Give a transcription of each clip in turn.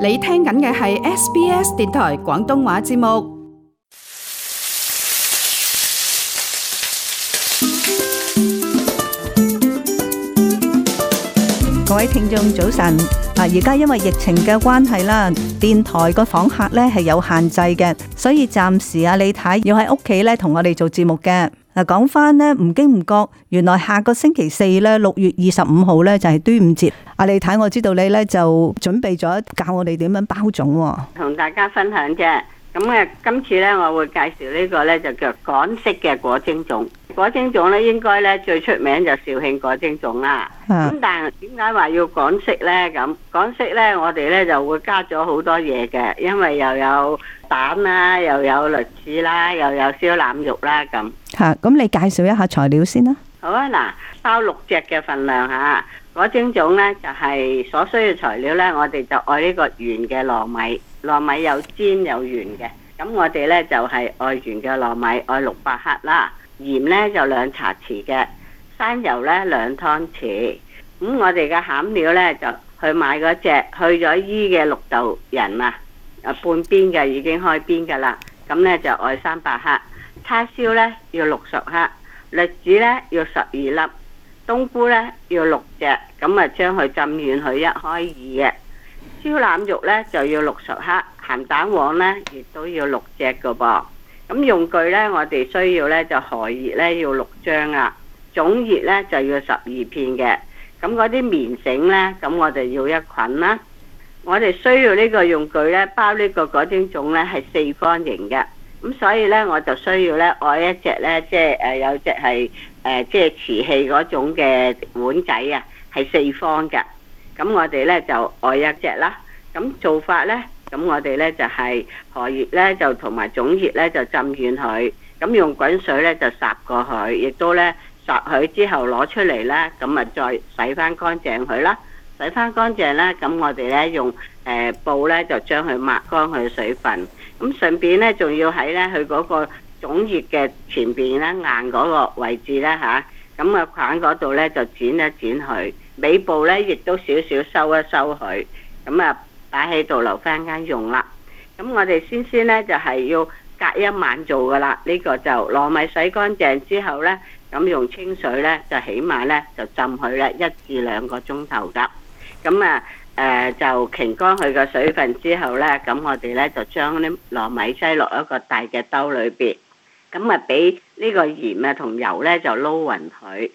你聽緊嘅係 SBS 電台廣東話節目，各位聽眾早晨。嗱，而家因為疫情嘅關係啦，電台個訪客咧係有限制嘅，所以暫時啊，你睇，要喺屋企咧同我哋做節目嘅。嗱，講翻咧，唔經唔覺，原來下個星期四咧，六月二十五號咧就係端午節。阿李太，我知道你咧就準備咗教我哋點樣包粽，同大家分享啫。咁啊，今次咧我會介紹呢個咧就叫港式嘅果蒸粽。果蒸粽咧應該咧最出名就肇慶果蒸粽啦。咁但係點解話要港式咧？咁港式咧我哋咧就會加咗好多嘢嘅，因為又有蛋啦，又有栗子啦，又有燒腩肉啦咁。咁你介紹一下材料先啦。好啊，嗱，包六隻嘅份量吓，攞蒸粽呢，就係所需嘅材料呢。我哋就愛呢個圓嘅糯米，糯米有尖有圓嘅，咁我哋呢，就係愛圓嘅糯米，愛六百克啦。鹽呢，就兩茶匙嘅，山油呢，兩湯匙。咁我哋嘅餡料呢，就去買嗰隻去咗衣嘅綠豆仁啊，半邊嘅已經開邊噶啦，咁呢，就愛三百克。叉燒呢要六十克，栗子呢要十二粒，冬菇呢要六隻，咁啊將佢浸軟佢一開二嘅。燒腩肉呢就要六十克，鹹蛋黃呢亦都要六隻噶噃。咁用具呢，我哋需要呢就荷葉呢要六張啊，粽葉呢就要十二片嘅。咁嗰啲棉繩呢，咁我哋要一捆啦。我哋需要呢個用具呢，包個種呢個果蒸粽呢係四方形嘅。咁所以呢，我就需要呢愛一隻呢，即係誒有隻係誒，即係瓷器嗰種嘅碗仔啊，係四方㗎。咁我哋呢就愛一隻啦。咁做法呢，咁我哋呢就係荷葉呢，就同埋粽葉呢，就浸軟佢。咁用滾水呢，就霎過佢，亦都呢霎佢之後攞出嚟呢，咁啊再洗翻乾淨佢啦。洗翻乾淨啦，咁我哋呢用誒、呃、布呢，就將佢抹乾佢水分。咁、嗯、順便呢，仲要喺呢佢嗰個粽葉嘅前邊呢，硬嗰個位置呢。嚇、啊，咁啊款嗰度呢就剪一剪佢，尾部呢亦都少少收一收佢，咁啊擺喺度留返間用啦。咁、嗯、我哋先先呢，就係、是、要隔一晚做噶啦，呢、這個就糯米洗乾淨之後呢，咁、嗯、用清水呢，就起碼呢就浸佢呢一至兩個鐘頭㗎。咁、嗯、啊～、嗯誒、呃、就擎乾佢個水分之後呢，咁我哋呢就將啲糯米擠落一個大嘅兜裏邊，咁啊俾呢個鹽啊同油呢就撈勻佢。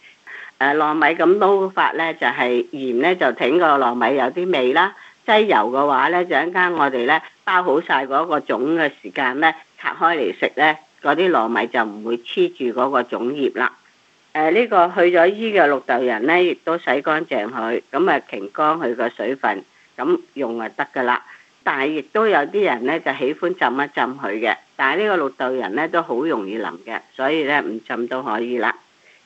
誒糯米咁撈法呢，就係鹽呢就整個糯米有啲味啦，擠油嘅話呢，就陣間我哋呢包好晒嗰個粽嘅時間呢，拆開嚟食呢，嗰啲糯米就唔會黐住嗰個粽葉啦。誒呢、啊呢個去咗衣嘅綠豆仁呢，亦都洗乾淨佢，咁啊乾乾佢個水分，咁用啊得㗎啦。但係亦都有啲人呢，就喜歡浸一浸佢嘅，但係呢個綠豆仁呢，都好容易腍嘅，所以呢，唔浸都可以啦。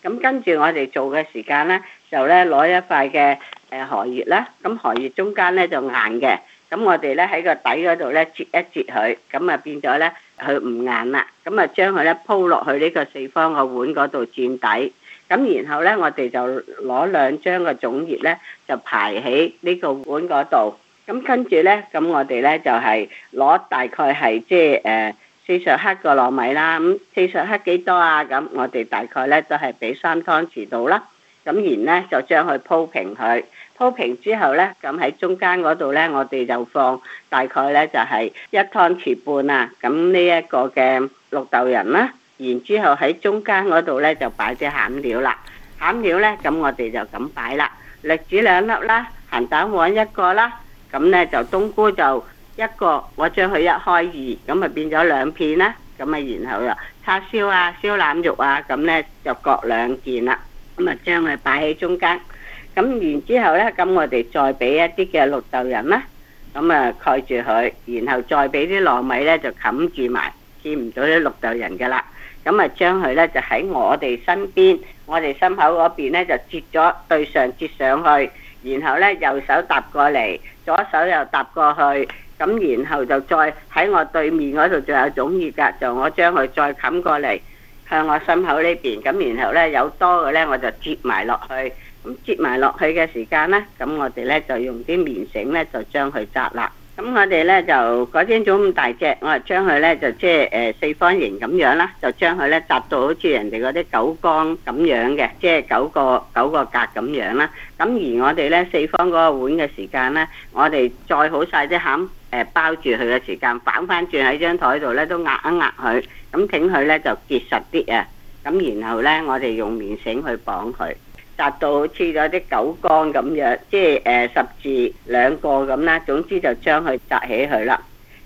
咁跟住我哋做嘅時間呢，就呢攞一塊嘅誒荷葉啦，咁荷葉中間呢，就硬嘅，咁我哋呢，喺個底嗰度呢，截一截佢，咁啊變咗呢，佢唔硬啦，咁啊將佢呢鋪落去呢個四方個碗嗰度墊底。咁然後呢，我哋就攞兩張個粽葉呢，就排喺呢個碗嗰度。咁跟住呢，咁我哋呢，就係攞大概係即係誒四十克個糯米啦。咁四十克幾多啊？咁我哋大概呢，都係俾三湯匙到啦。咁然後呢，就將佢鋪平佢，鋪平之後呢，咁喺中間嗰度呢，我哋就放大概呢，就係一湯匙半啊。咁呢一個嘅綠豆仁啦。然之後喺中間嗰度呢，就擺啲餡料啦，餡料呢，咁我哋就咁擺啦，栗子兩粒啦，鹹蛋黃一個啦，咁呢，就冬菇就一個，我將佢一開二，咁咪變咗兩片啦，咁啊然後又叉燒啊、燒腩肉啊，咁呢就各兩件啦，咁啊將佢擺喺中間，咁然之後呢，咁我哋再俾一啲嘅綠豆仁啦，咁啊蓋住佢，然後再俾啲糯米呢，就冚住埋，見唔到啲綠豆仁噶啦。咁啊，將佢咧就喺我哋身邊，我哋心口嗰邊咧就接咗對上，接上去，然後咧右手搭過嚟，左手又搭過去，咁然後就再喺我對面嗰度仲有粽葉，㗎就我將佢再冚過嚟，向我心口呢邊，咁然後咧有多嘅咧我就接埋落去，咁接埋落去嘅時間咧，咁我哋咧就用啲棉繩咧就將佢紮啦。咁我哋呢就改天早咁大隻，我啊將佢呢就即係誒四方形咁樣啦，就將佢呢搭到好似人哋嗰啲九缸咁樣嘅，即係九個九個格咁樣啦。咁而我哋呢四方嗰個碗嘅時間呢，我哋再好晒啲餡誒包住佢嘅時間，反翻轉喺張枱度呢都壓一壓佢，咁整佢呢就結實啲啊。咁然後呢，我哋用綿繩去綁佢。紮到好似嗰啲九剛咁樣，即係十至兩個咁啦。總之就將佢紮起佢啦。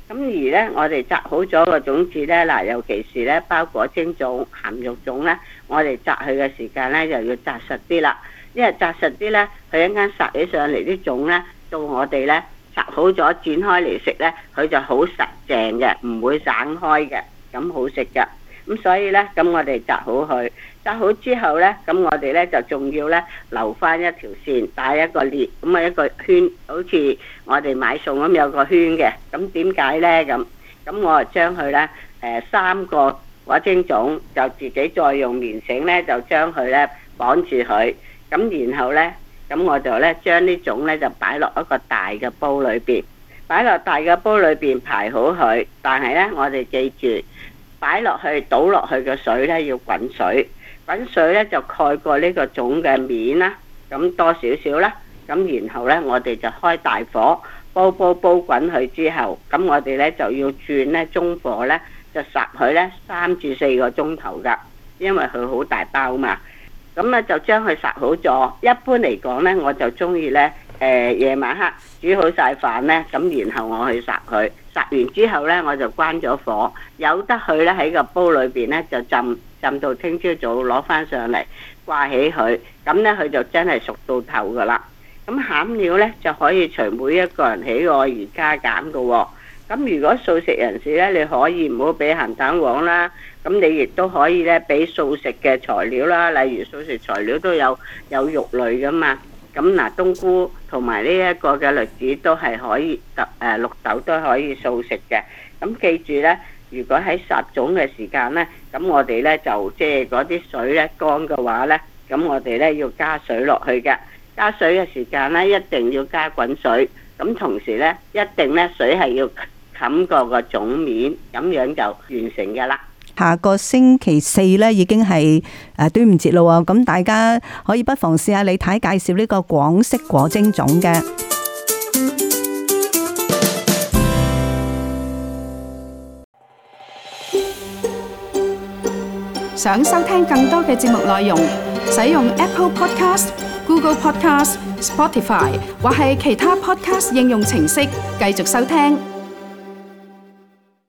咁而呢，我哋紮好咗個粽子呢，嗱，尤其是呢，包裹蒸粽、鹹肉粽呢，我哋紮佢嘅時間呢，就要紮實啲啦。因為紮實啲呢，佢一間實起上嚟啲粽呢，到我哋呢，紮好咗轉開嚟食呢，佢就好實淨嘅，唔會散開嘅，咁好食噶。咁所以咧，咁我哋紮好佢，紮好之後咧，咁我哋咧就仲要咧留翻一條線，帶一個列，咁啊一個圈，好似我哋買餸咁有個圈嘅。咁點解咧？咁咁我啊將佢咧，誒三個花生種就自己再用綿繩咧，就將佢咧綁住佢。咁然後咧，咁我就咧將呢種咧就擺落一個大嘅煲裏邊，擺落大嘅煲裏邊排好佢。但係咧，我哋記住。擺落去倒落去嘅水呢，要滾水，滾水呢，就蓋過呢個粽嘅面啦，咁多少少啦，咁然後呢，我哋就開大火煲煲煲滾佢之後，咁我哋呢，就要轉呢中火呢，就烚佢呢三至四個鐘頭㗎，因為佢好大包嘛，咁呢，就將佢烚好咗。一般嚟講呢，我就鍾意呢，誒、呃、夜晚黑煮好晒飯呢，咁然後我去烚佢。煠完之後呢，我就關咗火，由得佢呢喺個煲裏邊呢，就浸浸到聽朝早攞翻上嚟掛起佢，咁呢，佢就真係熟到透噶啦。咁餡料呢，就可以隨每一個人喜愛而加減噶喎、哦。咁如果素食人士呢，你可以唔好俾鹹蛋黃啦，咁你亦都可以呢，俾素食嘅材料啦，例如素食材料都有有肉類噶嘛。咁嗱，冬菇同埋呢一個嘅栗子都係可以豆誒綠豆都可以素食嘅。咁記住呢，如果喺殺種嘅時間呢，咁我哋呢就即係嗰啲水呢乾嘅話呢，咁我哋呢要加水落去嘅。加水嘅時間呢一定要加滾水。咁同時呢，一定呢水係要冚過個種面，咁樣就完成嘅啦。下個星期四咧，已經係誒端午節啦喎，咁大家可以不妨試下李太介紹呢個廣式果蒸粽嘅。想收聽更多嘅節目內容，使用 Apple Podcast、Google Podcast、Spotify 或係其他 Podcast 應用程式繼續收聽。